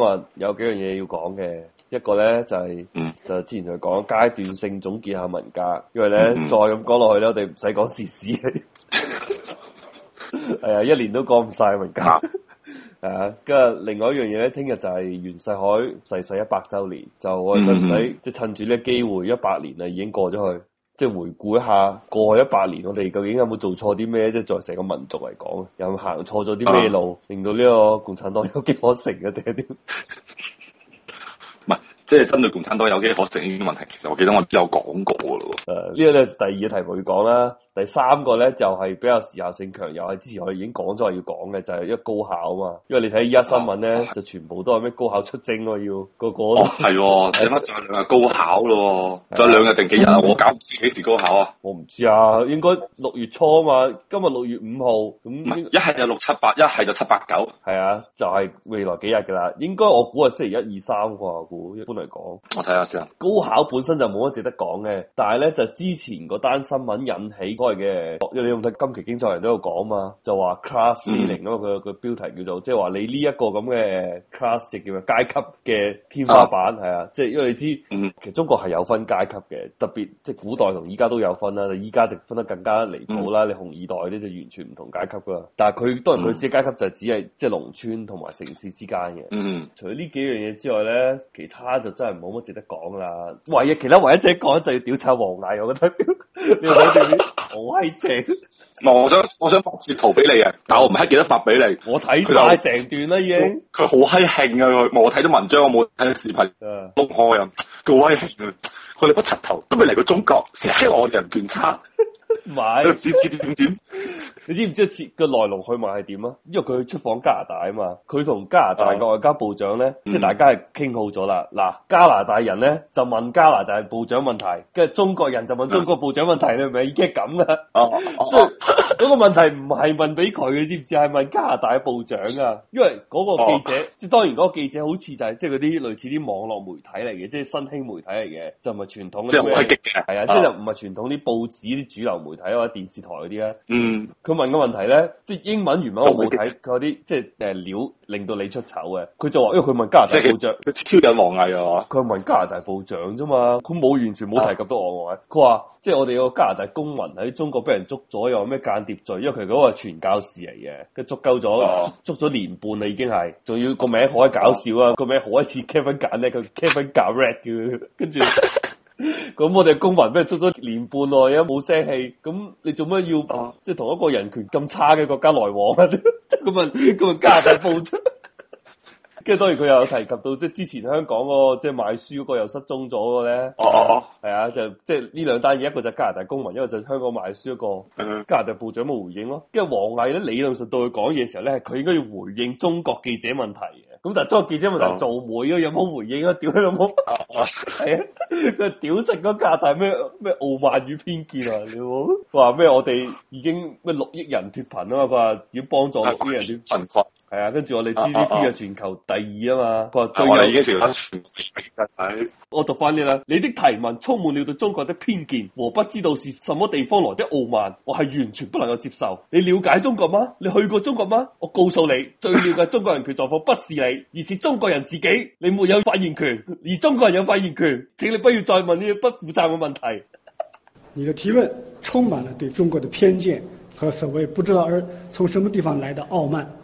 我有幾樣嘢要講嘅，一個咧就係、是嗯、就之前就講階段性總結下文革，因為咧、嗯嗯、再咁講落去咧，我哋唔使講時事，事，係啊，一年都講唔晒文革，係 啊。跟住另外一樣嘢咧，聽日就係袁世凱逝世一百週年，就我哋使唔使即係趁住呢個機會，一百年啊已經過咗去。即係回顧一下過去一百年，我哋究竟有冇做錯啲咩？即係在成個民族嚟講，有冇行錯咗啲咩路，啊、令到呢個共產黨有機可乘嘅、啊？定係點？唔係、啊，即係針對共產黨有機可乘呢啲問題。其實我記得我有講過噶咯。誒、啊，呢個咧係第二個題目去講啦。第三個咧就係比較時效性強，又係之前我哋已經講咗話要講嘅，就係、是、一高考啊嘛。因為你睇而家新聞咧，哦、就全部都係咩高考出征咯、啊，要個個哦係睇翻仲有兩日高考咯，仲有兩日定幾日啊？嗯、我搞唔知幾時高考啊？我唔知啊，應該六月初啊嘛。今日六月五號，咁一係就六七八，一係就七八九，係啊，就係、是、未來幾日噶啦。應該我估係星期一二三啩，估一般嚟講。我睇下先啊。高考本身就冇乜值得講嘅，但係咧就之前嗰單新聞引起嘅，因為你用得今期《經濟人》都有講嘛，就話 class 40啊嘛，佢個個標題叫做，即係話你呢一個咁嘅 class 叫做階級嘅天花板係啊，即係、啊就是、因為你知，嗯、其實中國係有分階級嘅，特別即係古代同依家都有分啦，依家就分得更加離譜啦。嗯、你紅二代呢就完全唔同階級噶啦，但係佢當然佢即係階級就是只係即係農村同埋城市之間嘅。嗯，除咗呢幾樣嘢之外咧，其他就真係冇乜值得講啦。唯一其他唯一值得講就係屌炒王毅，我覺得。好閪正，唔 我想我想發截圖俾你啊，但係我唔係記得發俾你，我睇晒成段啦已經，佢好閪興啊佢，我睇咗文章我冇睇到視頻，碌唔開啊，好閪興啊，佢哋不柒頭都未嚟過中國，成日喺我哋人權差。 買黐點點，你知唔知個來龍去脈係點啊？因為佢出訪加拿大啊嘛，佢同加拿大個外交部長咧，即係大家係傾好咗啦。嗱，加拿大人咧就問加拿大部長問題，跟住中國人就問中國部長問題，你係咪已經咁啦。所以嗰個問題唔係問俾佢嘅，知唔知係問加拿大部長啊？因為嗰個記者，即係當然嗰個記者，好似就係即係嗰啲類似啲網絡媒體嚟嘅，即係新興媒體嚟嘅，就唔係傳統。即係好開激嘅，係啊，即係就唔係傳統啲報紙啲主流。媒體或者電視台嗰啲咧，嗯，佢問個問題咧，即係英文原文我冇睇佢啲即係誒料令到你出醜嘅，佢就話，因為佢問加拿大部長，超人王毅啊，佢問加拿大部長啫嘛，佢冇完全冇提及到我嘅，佢話即係我哋個加拿大公民喺中國俾人捉咗，又有咩間諜罪，因為佢嗰個傳教士嚟嘅，佢捉鳩咗，捉咗年半啦已經係，仲要個名好鬼搞笑啊，個名好鬼似 Kevin 簡咧，佢 Kevin Garrett，跟住。咁我哋公民咩，捉咗年半咯，啊，而家冇聲氣，咁你做咩要，啊，即係同一個人權咁差嘅國家來往啊？ 即咁啊，咁啊加拿大部長？跟住當然佢又有提及到，即係之前香港嗰個即係買書嗰個又失蹤咗嘅咧。哦，係啊，就即係呢兩單嘢，一個就加拿大公民，一個就香港買書嗰個加拿大部長冇回應咯，啊。跟住王毅咧，理論上對佢講嘢嘅時候咧，佢應該要回應中國記者問題咁但係莊記者咪就做媒咯，有冇回應啊？屌你老母，係啊，佢屌成嗰架，但咩咩傲慢與偏見啊？你屌，話 咩我哋已經咩六億人脱貧啊嘛？佢話要幫助六億人點貧困。係啊，跟住、嗯、我哋 GDP 係全球第二啊嘛。我話我話已經成 我讀翻你啦，你的提問充滿了對中國的偏見和不知道是什麼地方來的傲慢，我係完全不能夠接受。你了解中國嗎？你去過中國嗎？我告訴你，最了解中國人權狀況不是你，而是中國人自己。你沒有發言權，而中國人有發言權。請你不要再問呢啲不負責嘅問題。你的提問充滿了對中國的偏見和所謂不知道而從什麼地方來的傲慢。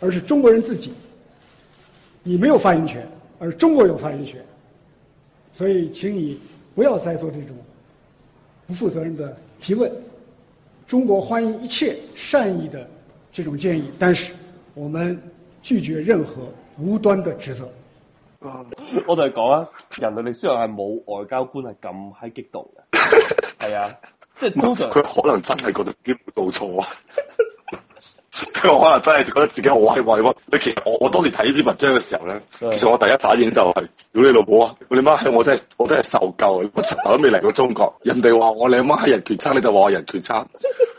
而是中國人自己，你沒有發言權，而中國有發言權，所以請你不要再做這種不負責任的提問。中國歡迎一切善意的這種建議，但是我們拒絕任何無端的指責。啊！我就係講啊，人類歷史上係冇外交官係咁喺激動嘅，係啊，即係通常佢可能真係覺得自己冇做錯啊。 佢可能真係覺得自己好閪威喎！你，其實我我當年睇呢篇文章嘅時候咧，的其實我第一反應就係、是：屌你老母啊！你媽閪！我真係我真係受夠，我從來都未嚟過中國，人哋話我你阿媽閪人權差，你就話我人權差。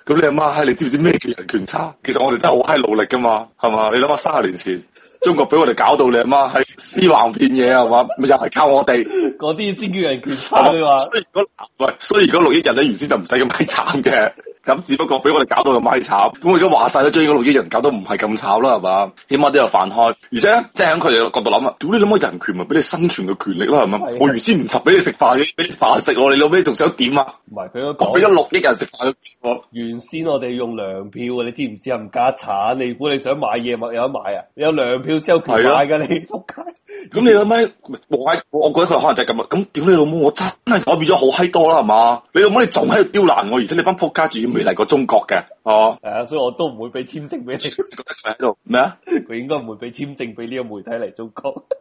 咁你阿媽閪，你知唔知咩叫人權差？其實我哋真係好閪努力噶嘛，係嘛？你諗下三十年前，中國俾我哋搞到你阿媽閪屍橫遍野係嘛？咪又係靠我哋嗰啲先叫人權差你話吧。所以而家，唔係六億人咧，原先就唔使咁閪慘嘅。咁只不過俾我哋搞到咁閪慘，咁我而家話晒，都將呢個六億人搞到唔係咁慘啦，係嘛？起碼都有飯開，而且咧，即係喺佢哋角度諗啊，咁你諗乜人權咪俾你生存嘅權利啦，係咪？的我原先唔執俾你食飯嘅，俾飯食，你老味仲想點啊？唔係佢講俾咗六億人食飯，原先我哋用糧票啊，你知唔知？唔加產，你估你想買嘢咪有得買啊？有糧票先有權買嘅你，撲街的！ 咁、嗯嗯、你老母，我喺，我覺得佢可能就係咁啊！咁屌你老母，我真係改變咗好閪多啦，係嘛？你老母你仲喺度刁難我、啊，而且你班仆街仲未嚟過中國嘅，哦，係啊，所以我都唔會俾簽證俾佢喺度。咩啊？佢應該唔會俾簽證俾呢個媒體嚟中國。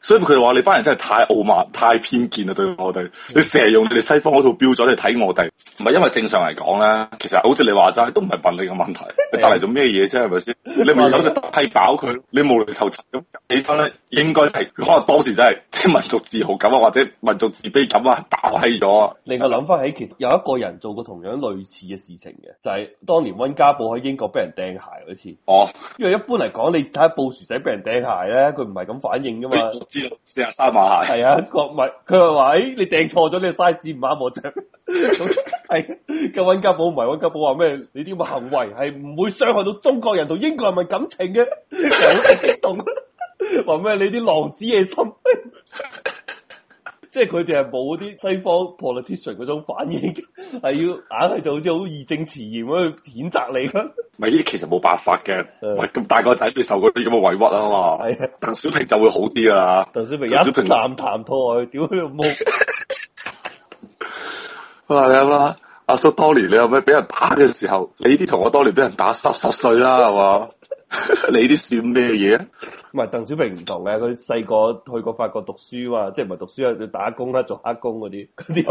所以佢哋話你班人真係太傲慢、太偏見啦！對我哋，你成日用你哋西方嗰套標準嚟睇我哋，唔係因為正常嚟講咧，其實好似你話齋都唔係問你嘅問題，做 你帶嚟咗咩嘢啫？係咪先？你咪有就踢飽佢，你無厘頭咁起身咧，應該係可能當時真係即民族自豪感啊，或者民族自卑感啊，打壞咗。另外諗翻起，其實有一個人做過同樣類似嘅事情嘅，就係、是、當年温家寶喺英國俾人掟鞋嗰次。哦，因為一般嚟講，你睇下布殊仔俾人掟鞋咧，佢唔係咁反應噶嘛。 知道四十三碼鞋係啊，佢唔係，佢係話誒，你訂錯咗你個 size 唔啱我着，係咁溫家寶唔係，溫家寶話咩？你啲咁嘅行為係唔會傷害到中國人同英國人嘅感情嘅，好激動啊！話咩？ 你啲狼子野心，即係佢哋係冇啲西方 politician 嗰種反應，係要硬係、啊、就好似好義正詞嚴咁去譴責你咯。咪呢啲其實冇辦法嘅，唔係咁大個仔，你受過啲咁嘅委屈啊嘛。的鄧小平就會好啲啦。鄧小平，鄧小平一談談妥，屌佢老母，我話你阿媽，阿叔，叔當年，你有咩俾人打嘅時候？你啲同我當年俾人打，濕濕碎啦，係嘛？ 你啲算咩嘢啊？唔係鄧小平唔同嘅，佢細個去過法國讀書啊，即係唔係讀書啊？佢打工啦，做黑工嗰啲啲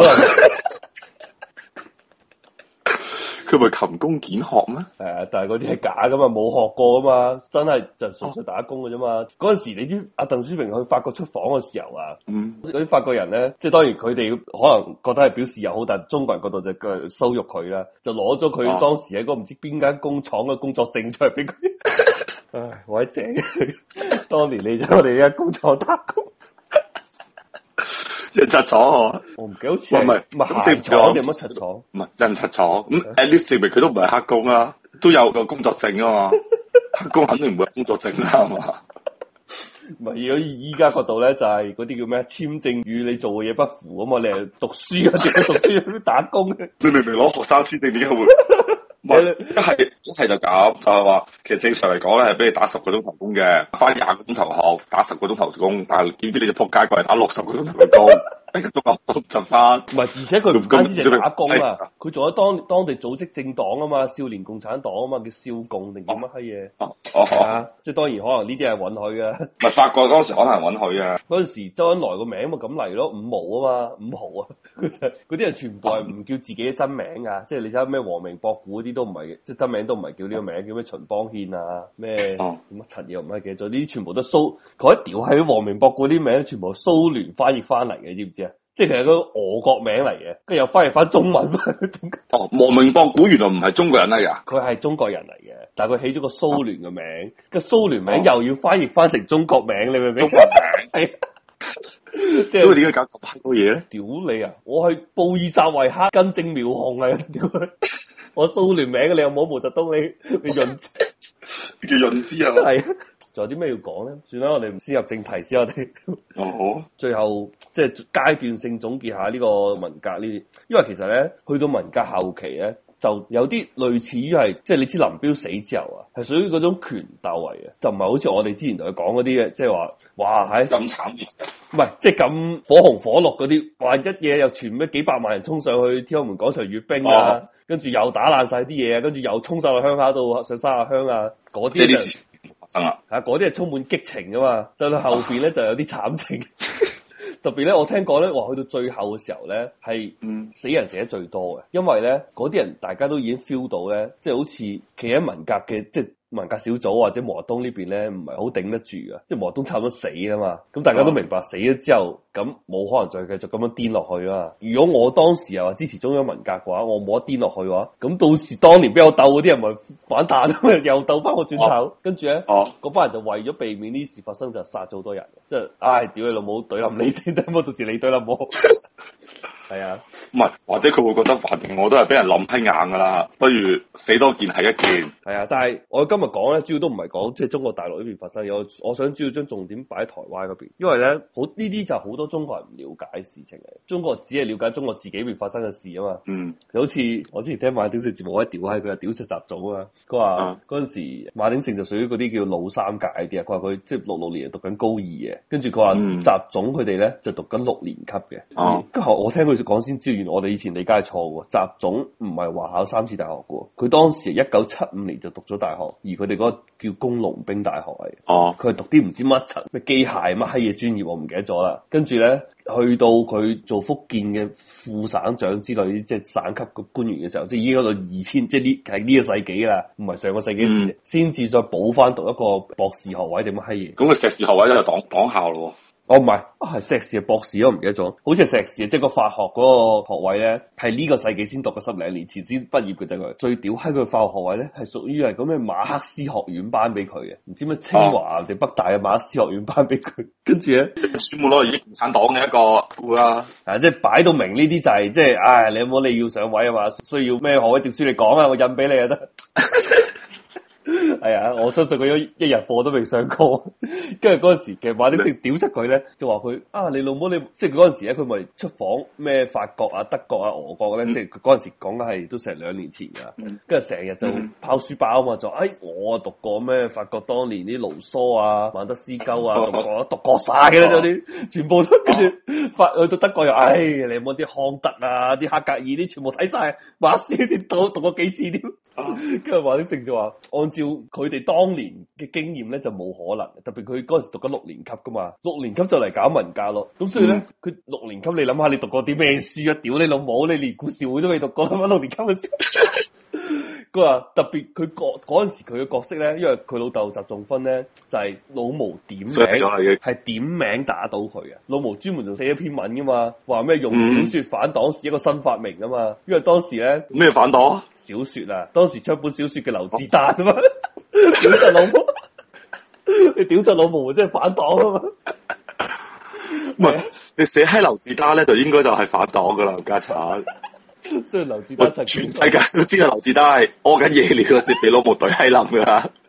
佢咪勤工儉學咩？係、啊、但係嗰啲係假噶嘛，冇學過噶嘛，真係就純粹打工噶啫嘛。嗰陣、啊、時你知阿鄧叔平去法國出訪嘅時候啊，嗰啲、嗯、法國人咧，即係當然佢哋可能覺得係表示友好，但係中國人覺得就係羞辱佢啦，就攞咗佢當時喺嗰唔知邊間工廠嘅工作證出嚟俾佢。唉、 哎，好正，當年你做我哋嘅工廠打工。印刷廠我唔記得好似，唔係唔係咁正常，你有乜實廠？唔係印刷廠。咁 at least 證明佢都唔係黑工啊，都有個工作證啊嘛。黑工肯定唔會有工作證啦，係嘛？唔係如果依家角度咧，就係嗰啲叫咩簽證與你做嘅嘢，不符啊嘛。你係讀書啊，定係讀書，有啲打工嘅，你明明攞學生簽證點會？一係一係就咁就係話，其實正常嚟講咧，係俾你打十個鐘頭工嘅，翻廿個鐘頭學，打十個鐘頭工，但係點知你就扑街過嚟打六十個鐘頭工。一個獨立特唔係，而且佢唔單止就打工啊，佢仲有當當地組織政黨啊嘛，少年共產黨啊嘛，叫少，少共定點啊乜嘢，哦、啊、哦，即係當然可能呢啲係允許嘅，唔係、啊啊啊、法國嗰時可能允許啊，嗰陣時周恩來個名咪咁嚟咯，五毛啊嘛，五毫啊，嗰啲人全部係唔叫自己嘅真名啊。即係你睇咩王明博古啲都唔係，即係真名都唔係叫呢個名，啊、叫咩秦邦憲啊咩，乜陳嘢唔記得咗，呢啲全部都蘇，佢一屌起王明博古啲名，全部蘇聯翻譯翻嚟嘅，知唔知啊？即係其實個俄國名嚟嘅，跟住又翻譯翻中文。 哦，莫名博古原來唔係中國人嚟啊？佢係中國人嚟嘅，但係佢起咗個蘇聯嘅名，個蘇聯名又要翻譯翻成中國名，你明唔明？中國名係， 即係點解搞咁多嘢咧？屌你啊！我係布爾扎維克根正苗紅嚟嘅、 嗯、 啊！屌我蘇聯名嘅你又冇毛澤東你你潤，叫潤之係嘛？仲有啲咩要講咧？算啦，我哋唔先入正題先。我哋哦好，最後即係階段性總結下呢個文革呢啲，因為其實咧去到文革後期咧，就有啲類似於係即係你知林彪死之後啊，係屬於嗰種權鬥嚟嘅，就唔係好似我哋之前同佢講嗰啲嘅，即係話哇，係咁慘烈，唔係即係咁火紅火綠嗰啲，話一嘢又傳咩幾百萬人衝上去天安門廣場閱兵啊，啊跟住又打爛晒啲嘢啊，跟住又衝晒去鄉下度上山下鄉啊，嗰啲這是 就啊，嗰啲係充滿激情噶嘛，到到後邊咧就有啲慘情， 特別咧我聽講咧，話去到最後嘅時候咧係死人死得最多嘅，因為咧嗰啲人大家都已經 feel 到咧，即係好似企喺文革嘅即係。就是文革小組或者毛澤東呢邊咧，唔係好頂得住噶，即係毛澤東差唔多死啊嘛。咁大家都明白，啊、死咗之後，咁冇可能再繼續咁樣癲落去啊。如果我當時又話支持中央文革嘅話，我冇得癲落去嘅話，咁到時當年俾我鬥嗰啲人咪反彈啊，又鬥翻我轉頭，啊、跟住咧，哦，嗰班人就爲咗避免呢事發生，就殺咗好多人。即係，唉、哎，屌你老母，懟冧你先得，咁到時你懟冧我。 係啊，唔係或者佢會覺得煩，我都係俾人冧批硬噶啦，不如死多件係一件。係啊，但係我今日講咧，主要都唔係講即係中國大陸呢邊發生嘢，我我想主要將重點擺喺台灣嗰邊，因為咧好呢啲就好多中國人唔了解嘅事情嚟，中國只係了解中國自己邊發生嘅事啊嘛。嗯，好似我之前聽馬鼎盛節目，我一屌喺佢啊屌出習總啊，佢話嗰陣時馬鼎盛就屬於嗰啲叫老三屆嘅，佢話佢即係六六年讀緊高二嘅，跟住佢話習總佢哋咧就讀緊六年級嘅。哦，跟住後、嗯、我聽佢。嗯講先招員，原我哋以前理解係錯嘅，習總唔係話考三次大學嘅。佢當時一九七五年就讀咗大學，而佢哋嗰個叫工農兵大學嚟。哦，佢係讀啲唔知乜柒咩機械乜閪嘢專業，我唔記得咗啦。跟住咧，去到佢做福建嘅副省長之類啲，即係省級嘅官員嘅時候，即係已經喺度二千，即係呢係呢個世紀啦，唔係上個世紀先至、嗯、再補翻讀一個博士學位定乜閪嘢。咁佢碩士學位咧就黨黨校咯。哦唔係，啊係碩士啊博士咯，我唔記得咗，好似係碩士即係、就是、個法學嗰個學位咧，係呢個世紀先讀個十兩年，前先畢業嘅就佢，最屌係佢化學學位咧，係屬於係嗰咩馬克思學院頒俾佢嘅，唔知咩清華定北大嘅馬克思學院頒俾佢，跟住咧專門攞嚟共產黨嘅一個啦，啊即係擺到明呢啲就係、是，即係唉你有冇你要上位啊嘛，需要咩學位證書你講啊，我印俾你就得。 係啊、哎，我相信佢一日課都未上過，跟住嗰陣時嘅話，啲成屌出佢咧，就話佢啊，你老母你即係嗰陣時咧，佢咪出訪咩法國啊、德國啊、俄國咧，嗯、即係嗰陣時講緊係都成兩年前噶，跟住成日就拋書包啊嘛，就誒、哎、我讀過咩法國當年啲盧梭啊、曼德斯鳩啊，讀過晒嘅啦，啲全部都跟住法去到德國又唉、哎，你冇啲康德啊、啲黑格爾啲全部睇晒，馬斯你讀讀過幾次添，跟住話啲成就話按照，照。佢哋當年嘅經驗咧就冇可能，特別佢嗰陣時讀緊六年級噶嘛，六年級就嚟搞文革咯，咁所以咧佢、嗯、六年級你諗下，你讀過啲咩書啊？屌你老母，你連故事會都未讀過，乜六年級書？ 佢話特別佢角嗰陣時佢嘅角色咧，因為佢老豆習仲勳咧就係、是、老毛點名，係點名打倒佢嘅。老毛專門仲寫一篇文噶嘛，話咩用小說反黨是一個新發明啊嘛。因為當時咧咩反黨小說啊，當時出本小說嘅劉志丹啊嘛，屌晒 老毛， 你屌晒老毛即係反黨啊嘛。唔係 麼你寫《喺劉志丹》咧就應該就係反黨噶啦，家產。所以劉志， 全世界都知道劉，劉志丹係屙緊夜尿嗰時俾老部隊閪冧噶啦。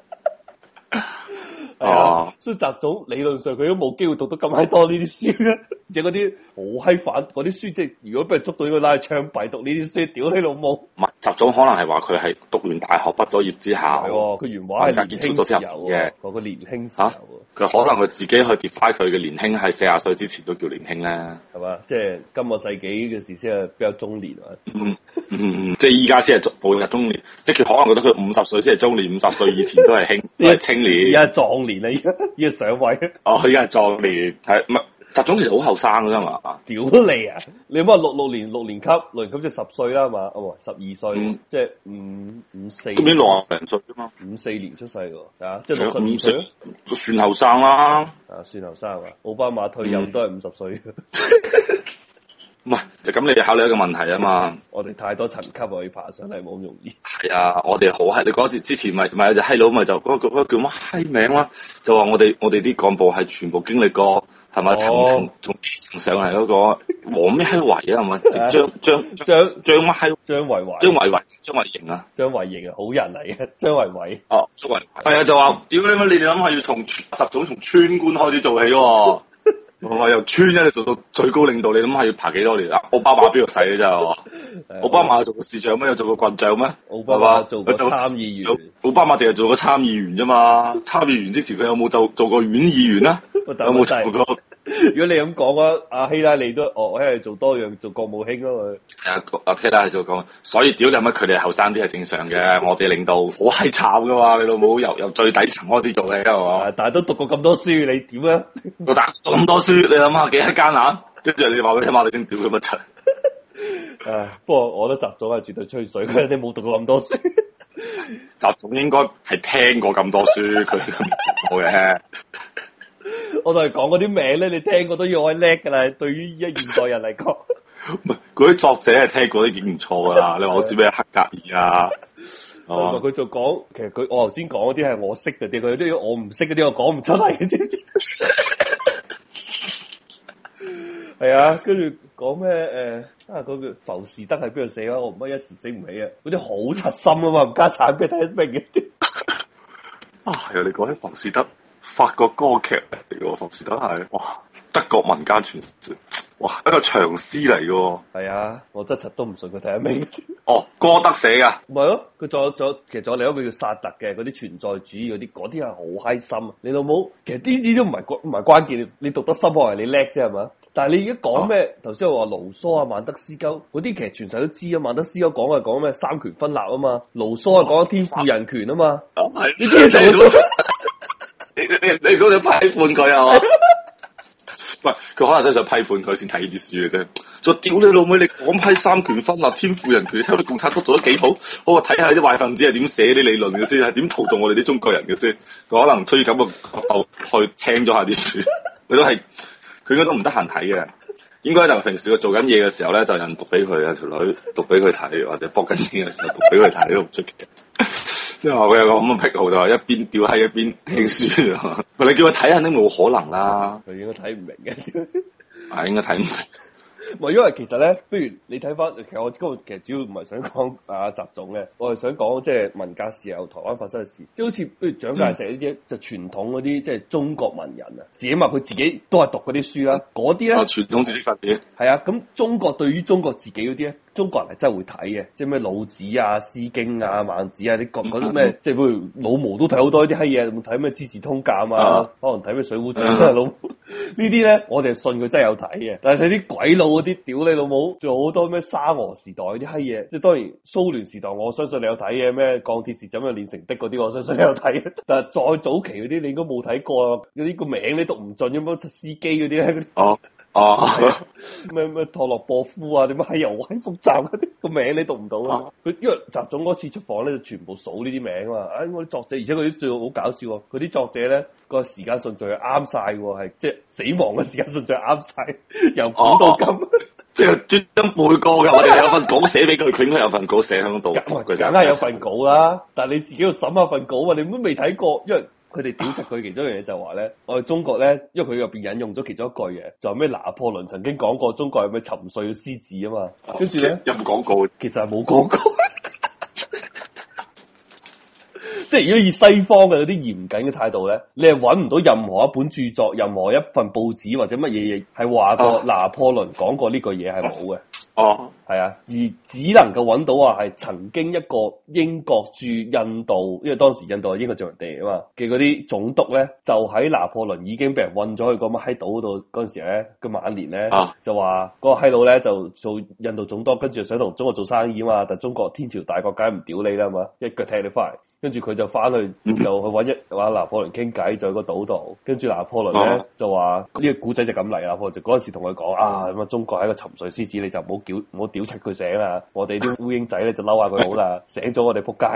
啊，所以習總理論上佢都冇機會讀到咁閪多呢啲書咧，而嗰啲好閪煩，嗰啲書即係如果俾人捉到，拉去槍斃讀呢啲書，屌你老母！唔係習總可能係話佢係讀完大學畢咗業之後，係佢、哦、原話係年輕嘅，嗰個、啊、年輕佢、啊、可能佢自己去 define 佢嘅年輕，係四十歲之前都叫年輕咧，係嘛、啊？即係今個世紀嘅時先係比較中年啊、嗯，嗯嗯即係依家先係步入中年，即佢 可能覺得佢五十歲先係中年，五十歲以前都係青，青年，而家 撞年你而家要上位，哦，而家係壯年，係唔係？習總其實好後生噶啫嘛，屌 你啊！你唔好話六六年六年級，六年級即係十歲啦嘛，哦，十二歲，嗯、即係五五四。今年六十零歲啫嘛，五四年出世噶，啊，即係六十二歲，算後生啦，啊，算後生啊！奧巴馬退休、嗯、都係五十歲。唔係，咁你考慮一個問題啊嘛。我哋太多層級要爬上嚟，冇容易。係啊，我哋好係你嗰時之前咪咪有隻閪佬咪就嗰個叫乜閪名啦？就話我哋我哋啲幹部係全部經歷過係咪？層層從基層上嚟嗰個王咩維啊係咪？張張張張乜閪？張維維。張維維，張維營啊，張維營啊，好人嚟嘅張維維。哦，張維維係啊，就話屌你你哋諗係要從習總從村官開始做起喎。我由村一直、啊、做到最高領導，你諗下要爬幾多年歐啊？奧、 嗯、巴馬邊度使嘅啫？奧巴馬做過市長咩？做過郡長咩？奧巴馬做過參議員。奧巴馬淨係做過參議員啫嘛？參議員之前佢有冇做做過縣議員啊？ 但有冇，如果你咁講啊，阿希拉利都哦，因為做多樣做國務卿咯佢。係啊，阿希拉係做個，所以屌你乜佢哋後生啲係正常嘅。我哋領導好係慘噶嘛？你老母由由最底層開始做起係嘛？但係都讀過咁多書，你點啊？讀咁多。你諗下幾多間啊？跟住你話俾你聽，你先屌佢乜柒？誒， 不過我覺得習總，係絕對吹水。佢你冇讀過咁多書，習 總應該係聽過咁多書佢冇嘅。聽 我就係講嗰啲名咧，你聽過都要愛叻噶啦。對於現代人嚟講，係嗰啲作者係聽過都已經唔錯噶啦。你話我知咩黑格爾啊？哦，佢就講，其實佢我頭先講嗰啲係我識嘅啲，佢都要我唔識嗰啲，我講唔出嚟係啊，跟住講咩？誒、呃，啊，嗰個浮士德喺邊度死啊？我唔乜一時醒唔起啊！嗰啲好貼心啊嘛，唔加慘俾睇明嘅。 啊，係啊！你講起浮士德，法國歌劇嚟噶，浮士德係哇，德國民間傳說。哇，一個長詩嚟嘅，係啊，我真係都唔信佢睇咩。哦，歌德寫噶 ，唔係咯，佢仲有仲有其實仲有另一個叫《薩特》嘅，嗰啲存在主義嗰啲，嗰啲係好開心啊！你老母，其實呢啲都唔係關唔係關鍵，你讀得深係你叻啫，係嘛？但係你而家講咩，頭先 我話盧梭啊、曼德斯鳩嗰啲，其實全世界都知啊。曼德斯鳩講係講咩三權分立啊嘛，盧梭啊，講天賦人權啊嘛。呢啲 你你你你都你批判佢啊？P 喂，佢可能真係想批判佢先睇呢啲書嘅啫。就屌你老妹，你講批三權分立、天賦人權，睇我哋共產黨做得幾好？我話睇下啲壞分子係點寫啲理論嘅先，係點荼毒我哋啲中國人嘅先。佢可能催咁嘅角度去聽咗下啲書，佢都係，佢應該都唔得閒睇嘅。應該就平時佢做緊嘢嘅時候咧，就有人讀俾佢啊，條女讀俾佢睇，或者搏緊錢嘅時候讀俾佢睇都唔出奇。即係話佢有個咁嘅癖好就係一邊吊喺一邊聽書。唔 你叫佢睇下都冇可能啦，啊，佢應該睇唔明嘅，啊 應該睇唔明。唔係，因為其實咧，不如你睇翻，其實我今日其實主要唔係想講阿習總咧，我係想講即係文革時候台灣發生嘅事，即係好似不如蔣介石呢啲、嗯，就傳統嗰啲即係中國文人啊，自己嘛，佢自己都係讀嗰啲書啦，嗰啲咧，傳統知識份子，係啊，咁中國對於中國自己嗰啲咧。中國人係真係會睇嘅，即係咩老子啊、《詩經》啊、孟子啊，啲各嗰啲咩，即係譬如老毛都睇好多啲閪嘢，睇咩《資治通鑑》啊，啊可能睇咩《水滸傳》啊，老毛呢啲咧，我哋信佢真係有睇嘅。但係睇啲鬼佬嗰啲屌你老母，仲好多咩沙俄時代啲閪嘢，即係當然蘇聯時代，我相信你有睇嘅，咩鋼鐵是怎樣煉成的嗰啲，我相信你有睇。但係再早期嗰啲，你應該冇睇過，嗰、這、啲個名你讀唔準，咁樣斯基嗰啲咧，哦哦，咩咩、啊啊、 托洛波夫啊，點解喺油畫複嗰啲個名你讀唔到啊？佢因為習總嗰次出訪咧，就全部數呢啲名啊，哎我啲作者，而且佢啲最好搞笑，佢啲作者咧個時間順序係啱晒喎，係即係死亡嘅時間順序係啱晒，由古到今，即係、啊啊啊啊啊就是、專登背過噶，我哋有份稿寫俾佢，佢應該有份稿寫響度，梗係、嗯、有份稿啦，但係你自己要審下份稿啊，你都未睇過，因為。佢哋調查佢其中一樣嘢就話咧，我哋中國咧，因為佢入邊引用咗其中一句嘢，就係咩拿破崙曾經講過中國係咩沉睡嘅獅子啊嘛，跟住咧有冇講過？其實係冇講過，即係如果以西方嘅嗰啲嚴謹嘅態度咧，你係搵唔到任何一本著作，任何一份報紙或者乜嘢嘢係話過拿破崙講過呢句嘢係冇嘅。 哦，係啊，而只能夠揾到話係曾經一個英國駐印度，因為當時印度係英國殖民地啊嘛，嘅嗰啲總督咧就喺拿破崙已經俾人運咗去，個乜閪島嗰度嗰陣時咧嘅晚年咧，啊、就話個閪佬咧就做印度總督，跟住想同中國做生意啊嘛，但中國天朝大國梗唔屌你啦，係嘛，一腳踢你翻嚟。跟住佢就翻去，就去，就去搵一搵拿破崙傾偈，哦、就喺、嗰個島度。跟住拿破崙咧就話呢個古仔就咁嚟，拿破崙嗰陣時同佢講啊，咁啊中國係一個沉睡獅子，你就唔好屌唔好屌柒佢醒啦。我哋啲烏蠅仔咧就嬲下佢好啦， 醒咗我哋扑街。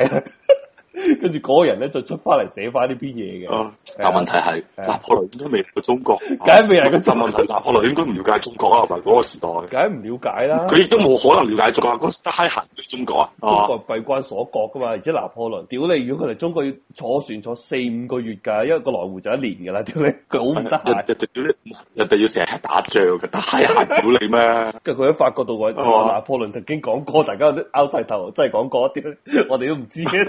跟住嗰個人咧，就出翻嚟寫翻呢篇嘢嘅。啊，但問題係拿破崙應該未到中國，梗係未嚟個問題，拿破崙應該唔了解中國啊，係咪嗰個時代，梗係唔了解啦。佢亦都冇可能了解中國，嗰時得閪行到中國啊，中國閉關鎖國噶嘛。而且拿破崙屌你，如果佢嚟中國要坐船坐四五個月噶，因為個來回就一年噶啦，屌你，佢好唔得閒。一定要成日打仗嘅，得閪行到你咩？跟住佢喺法國度話，拿破崙曾經講過，大家都拗晒頭，真係講過一啲，我哋都唔知嘅。